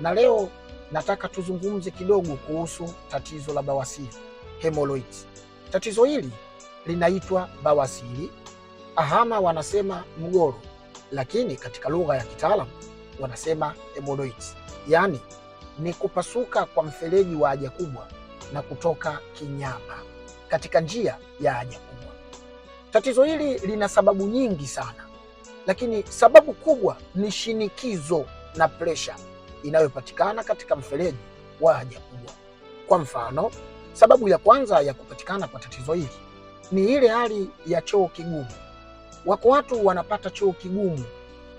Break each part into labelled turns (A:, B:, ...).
A: na leo nataka tuzungumze kidogo kuhusu tatizo la bawasiri hemoloid Tatizo hili linaitwa bawasiri, ahama wanasema mgoro, lakini katika lugha ya kitaalamu wanasema hemorrhoids, yaani ni kupasuka kwa mfereji wa haja kubwa na kutoka kinyama katika njia ya haja kubwa. Tatizo hili lina sababu nyingi sana, lakini sababu kubwa ni shinikizo na presha inayopatikana katika mfereji wa haja kubwa. Kwa mfano, sababu ya kwanza ya kupatikana kwa tatizo hili ni ile hali ya choo kigumu. Wako watu wanapata choo kigumu,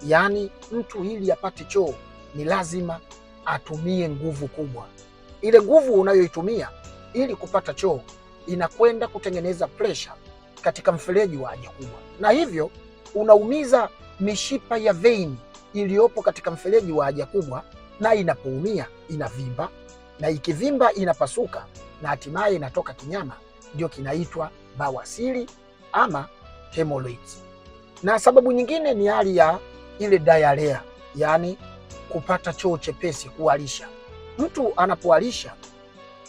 A: yaani mtu ili apate choo ni lazima atumie nguvu kubwa. Ile nguvu unayoitumia ili kupata choo inakwenda kutengeneza presha katika mfereji wa haja kubwa, na hivyo unaumiza mishipa ya veini iliyopo katika mfereji wa haja kubwa na inapoumia inavimba, na ikivimba inapasuka na hatimaye inatoka kinyama, ndio kinaitwa bawasiri ama hemorrhoids. Na sababu nyingine ni hali ya ile diarrhea, yaani kupata choo chepesi, kuharisha. Mtu anapoharisha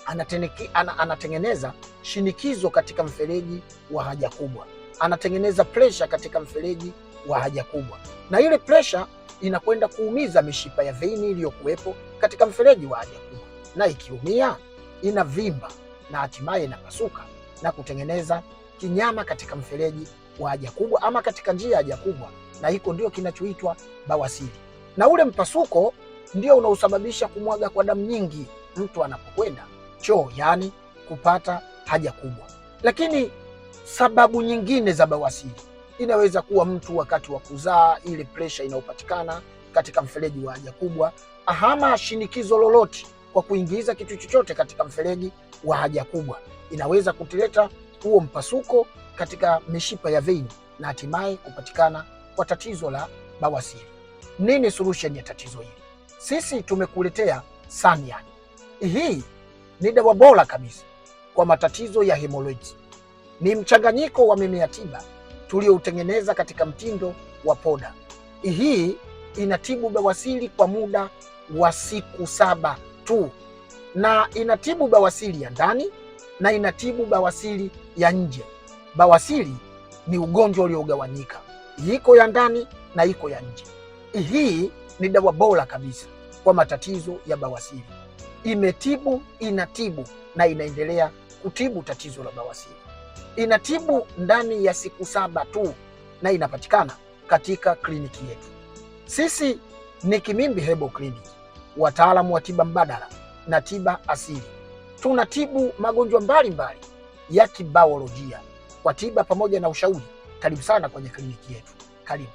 A: ana, anatengeneza shinikizo katika mfereji wa haja kubwa, anatengeneza presha katika mfereji wa haja kubwa, na ile presha inakwenda kuumiza mishipa ya veini iliyokuwepo katika mfereji wa haja kubwa, na ikiumia inavimba na hatimaye inapasuka na kutengeneza kinyama katika mfereji wa haja kubwa ama katika njia ya haja kubwa, na hiko ndio kinachoitwa bawasiri. Na ule mpasuko ndio unaosababisha kumwaga kwa damu nyingi mtu anapokwenda choo, yaani kupata haja kubwa. Lakini sababu nyingine za bawasiri Inaweza kuwa mtu wakati wa kuzaa, ile presha inayopatikana katika mfereji wa haja kubwa, ahama shinikizo lolote kwa kuingiza kitu chochote katika mfereji wa haja kubwa, inaweza kutileta huo mpasuko katika mishipa ya veini na hatimaye kupatikana kwa tatizo la bawasiri. Nini solution ya tatizo hili? Sisi tumekuletea sania Hii ni dawa bora kabisa kwa matatizo ya hemorrhoids. Ni mchanganyiko wa mimea tiba tuliyoutengeneza katika mtindo wa poda. Hii inatibu bawasiri kwa muda wa siku saba tu, na inatibu bawasiri ya ndani na inatibu bawasiri ya nje. Bawasiri ni ugonjwa uliogawanyika, iko ya ndani na iko ya nje. Hii ni dawa bora kabisa kwa matatizo ya bawasiri. Imetibu, inatibu na inaendelea kutibu tatizo la bawasiri inatibu ndani ya siku saba tu na inapatikana katika kliniki yetu. Sisi ni Kimimbi Herbal Clinic, wataalamu wa tiba mbadala na tiba asili. Tunatibu magonjwa mbalimbali ya kibaolojia kwa tiba pamoja na ushauri. Karibu sana kwenye kliniki yetu, karibu.